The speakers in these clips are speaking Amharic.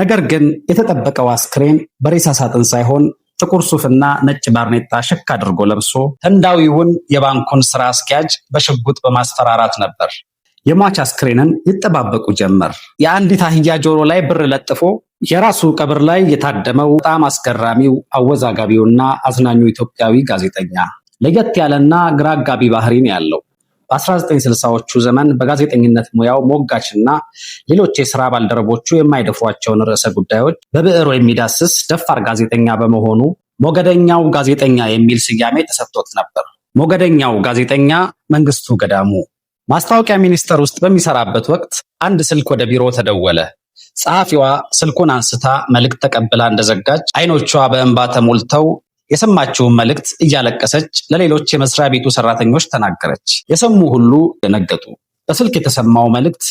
ነገር ግን የተጠበቀው አስክሬን በሬሳ ሳጥን ሳይሆን ጥቁር ሱፍና ነጭ ባርኔጣ ሽክ አድርጎ ለብሶ ህንዳዊውን የባንኩን ስራ አስኪያጅ በሽጉጥ በማስፈራራት ነበር። የሟች አስክሬንን ይጠባበቁ ጀመር። የአንዲት አህያ ጆሮ ላይ ብር ለጥፎ የራሱ ቀብር ላይ የታደመው በጣም አስገራሚው አወዛጋቢውና አዝናኙ ኢትዮጵያዊ ጋዜጠኛ ለየት ያለና ግራጋቢ ባህሪን ያለው በ1960ዎቹ ዘመን በጋዜጠኝነት ሙያው ሞጋችና ሌሎች የስራ ባልደረቦቹ የማይደፍሯቸውን ርዕሰ ጉዳዮች በብዕሩ የሚዳስስ ደፋር ጋዜጠኛ በመሆኑ ሞገደኛው ጋዜጠኛ የሚል ስያሜ ተሰጥቶት ነበር። ሞገደኛው ጋዜጠኛ መንግስቱ ገዳሙ ማስታወቂያ ሚኒስቴር ውስጥ በሚሰራበት ወቅት አንድ ስልክ ወደ ቢሮ ተደወለ። ጸሐፊዋ ስልኩን አንስታ መልእክት ተቀብላ እንደዘጋች አይኖቿ በእንባ ተሞልተው የሰማችውን መልእክት እያለቀሰች ለሌሎች የመስሪያ ቤቱ ሰራተኞች ተናገረች። የሰሙ ሁሉ ደነገጡ። በስልክ የተሰማው መልእክት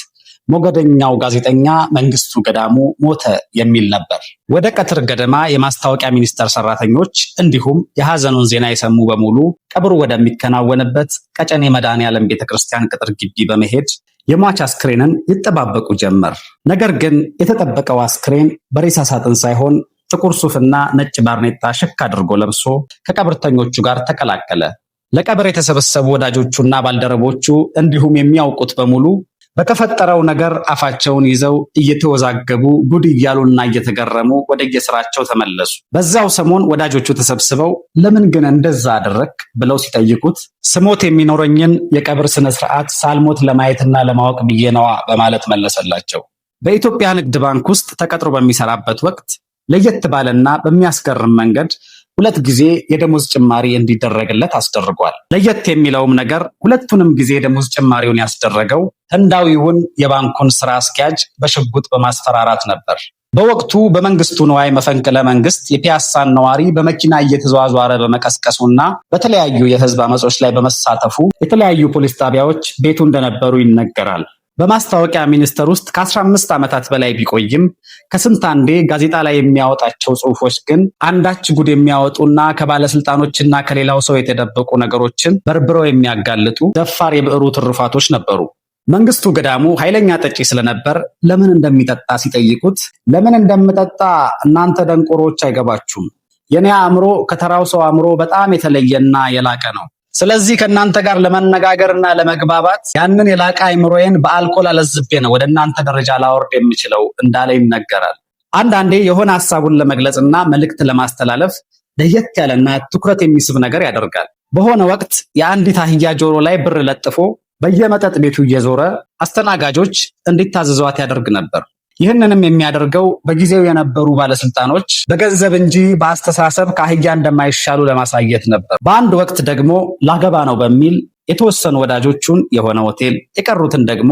ሞገደኛው ጋዜጠኛ መንግስቱ ገዳሙ ሞተ የሚል ነበር። ወደ ቀትር ገደማ የማስታወቂያ ሚኒስቴር ሰራተኞች እንዲሁም የሐዘኑን ዜና የሰሙ በሙሉ ቀብሩ ወደሚከናወንበት ቀጨኔ መድኃኔዓለም ቤተክርስቲያን ቅጥር ግቢ በመሄድ የሟች አስክሬንን ይጠባበቁ ጀመር። ነገር ግን የተጠበቀው አስክሬን በሬሳ ሳጥን ሳይሆን ጥቁር ሱፍና ነጭ ባርኔጣ ሽክ አድርጎ ለብሶ ከቀብርተኞቹ ጋር ተቀላቀለ። ለቀብር የተሰበሰቡ ወዳጆቹና ባልደረቦቹ እንዲሁም የሚያውቁት በሙሉ በተፈጠረው ነገር አፋቸውን ይዘው እየተወዛገቡ ጉድ እያሉና እየተገረሙ ወደየስራቸው ተመለሱ። በዛው ሰሞን ወዳጆቹ ተሰብስበው ለምን ግን እንደዛ አደረግ ብለው ሲጠይቁት ስሞት የሚኖረኝን የቀብር ስነ ስርዓት ሳልሞት ለማየትና ለማወቅ ብዬ ነዋ በማለት መለሰላቸው። በኢትዮጵያ ንግድ ባንክ ውስጥ ተቀጥሮ በሚሰራበት ወቅት ለየት ባለና በሚያስገርም መንገድ ሁለት ጊዜ የደሞዝ ጭማሪ እንዲደረግለት አስደርጓል። ለየት የሚለውም ነገር ሁለቱንም ጊዜ የደሞዝ ጭማሪውን ያስደረገው ህንዳዊውን የባንኩን ስራ አስኪያጅ በሽጉጥ በማስፈራራት ነበር። በወቅቱ በመንግስቱ ንዋይ መፈንቅለ መንግስት የፒያሳን ነዋሪ በመኪና እየተዘዋዟረ በመቀስቀሱና በተለያዩ የህዝብ አመጾች ላይ በመሳተፉ የተለያዩ ፖሊስ ጣቢያዎች ቤቱ እንደነበሩ ይነገራል። በማስታወቂያ ሚኒስቴር ውስጥ ከ15 ዓመታት በላይ ቢቆይም ከስንት አንዴ ጋዜጣ ላይ የሚያወጣቸው ጽሁፎች ግን አንዳች ጉድ የሚያወጡና ከባለስልጣኖችና ከሌላው ሰው የተደበቁ ነገሮችን በርብረው የሚያጋልጡ ደፋር የብዕሩ ትሩፋቶች ነበሩ። መንግስቱ ገዳሙ ኃይለኛ ጠጪ ስለነበር ለምን እንደሚጠጣ ሲጠይቁት ለምን እንደምጠጣ እናንተ ደንቆሮች አይገባችሁም፣ የኔ አእምሮ ከተራው ሰው አእምሮ በጣም የተለየና የላቀ ነው ስለዚህ ከእናንተ ጋር ለመነጋገርና ለመግባባት ያንን የላቀ አይምሮዬን በአልኮል አለዝቤ ነው ወደ እናንተ ደረጃ ላወርድ የሚችለው እንዳለ ይነገራል። አንዳንዴ የሆነ ሀሳቡን ለመግለጽና መልእክት ለማስተላለፍ ለየት ያለና ትኩረት የሚስብ ነገር ያደርጋል። በሆነ ወቅት የአንዲት አህያ ጆሮ ላይ ብር ለጥፎ በየመጠጥ ቤቱ እየዞረ አስተናጋጆች እንዲታዘዟት ያደርግ ነበር። ይህንንም የሚያደርገው በጊዜው የነበሩ ባለስልጣኖች በገንዘብ እንጂ በአስተሳሰብ ከአህያ እንደማይሻሉ ለማሳየት ነበር። በአንድ ወቅት ደግሞ ላገባ ነው በሚል የተወሰኑ ወዳጆቹን የሆነ ሆቴል፣ የቀሩትን ደግሞ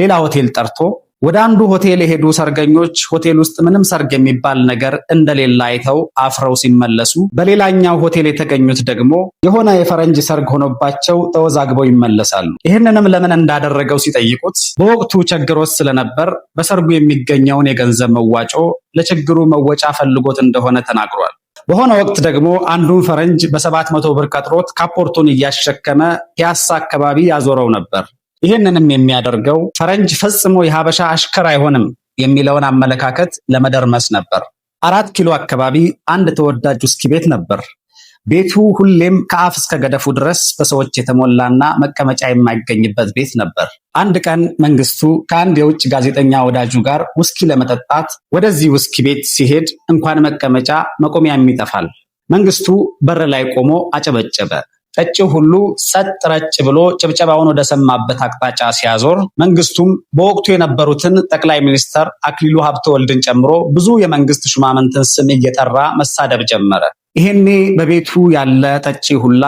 ሌላ ሆቴል ጠርቶ ወደ አንዱ ሆቴል የሄዱ ሰርገኞች ሆቴል ውስጥ ምንም ሰርግ የሚባል ነገር እንደሌለ አይተው አፍረው ሲመለሱ፣ በሌላኛው ሆቴል የተገኙት ደግሞ የሆነ የፈረንጅ ሰርግ ሆኖባቸው ተወዛግበው ይመለሳሉ። ይህንንም ለምን እንዳደረገው ሲጠይቁት በወቅቱ ችግሮት ስለነበር በሰርጉ የሚገኘውን የገንዘብ መዋጮ ለችግሩ መወጫ ፈልጎት እንደሆነ ተናግሯል። በሆነ ወቅት ደግሞ አንዱን ፈረንጅ በሰባት መቶ ብር ቀጥሮት ካፖርቱን እያሸከመ ፒያሳ አካባቢ ያዞረው ነበር። ይህንንም የሚያደርገው ፈረንጅ ፈጽሞ የሀበሻ አሽከር አይሆንም የሚለውን አመለካከት ለመደርመስ ነበር። አራት ኪሎ አካባቢ አንድ ተወዳጅ ውስኪ ቤት ነበር። ቤቱ ሁሌም ከአፍ እስከ ገደፉ ድረስ በሰዎች የተሞላና መቀመጫ የማይገኝበት ቤት ነበር። አንድ ቀን መንግስቱ ከአንድ የውጭ ጋዜጠኛ ወዳጁ ጋር ውስኪ ለመጠጣት ወደዚህ ውስኪ ቤት ሲሄድ እንኳን መቀመጫ መቆሚያም ይጠፋል። መንግስቱ በር ላይ ቆሞ አጨበጨበ። ጠጪው ሁሉ ጸጥ ረጭ ብሎ ጭብጨባውን ወደ ሰማበት አቅጣጫ ሲያዞር መንግስቱም በወቅቱ የነበሩትን ጠቅላይ ሚኒስተር አክሊሉ ሀብተወልድን ጨምሮ ብዙ የመንግስት ሹማምንትን ስም እየጠራ መሳደብ ጀመረ። ይሄኔ በቤቱ ያለ ጠጪ ሁላ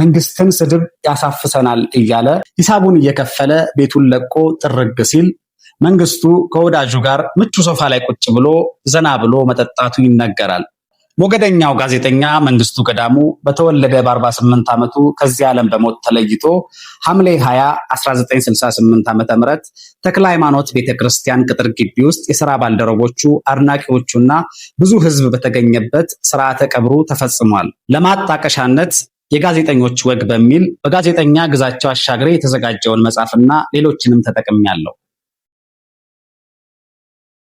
መንግስትን ስድብ ያሳፍሰናል እያለ ሂሳቡን እየከፈለ ቤቱን ለቆ ጥርግ ሲል መንግስቱ ከወዳጁ ጋር ምቹ ሶፋ ላይ ቁጭ ብሎ ዘና ብሎ መጠጣቱ ይነገራል። ሞገደኛው ጋዜጠኛ መንግስቱ ገዳሙ በተወለደ በ48 ዓመቱ ከዚህ ዓለም በሞት ተለይቶ ሐምሌ 20 1968 ዓ.ም ተክለ ሃይማኖት ቤተክርስቲያን ቅጥር ግቢ ውስጥ የሥራ ባልደረቦቹ አድናቂዎቹና ብዙ ሕዝብ በተገኘበት ስርዓተ ቀብሩ ተፈጽሟል። ለማጣቀሻነት የጋዜጠኞች ወግ በሚል በጋዜጠኛ ግዛቸው አሻግሬ የተዘጋጀውን መጽሐፍና ሌሎችንም ተጠቅሜያለሁ።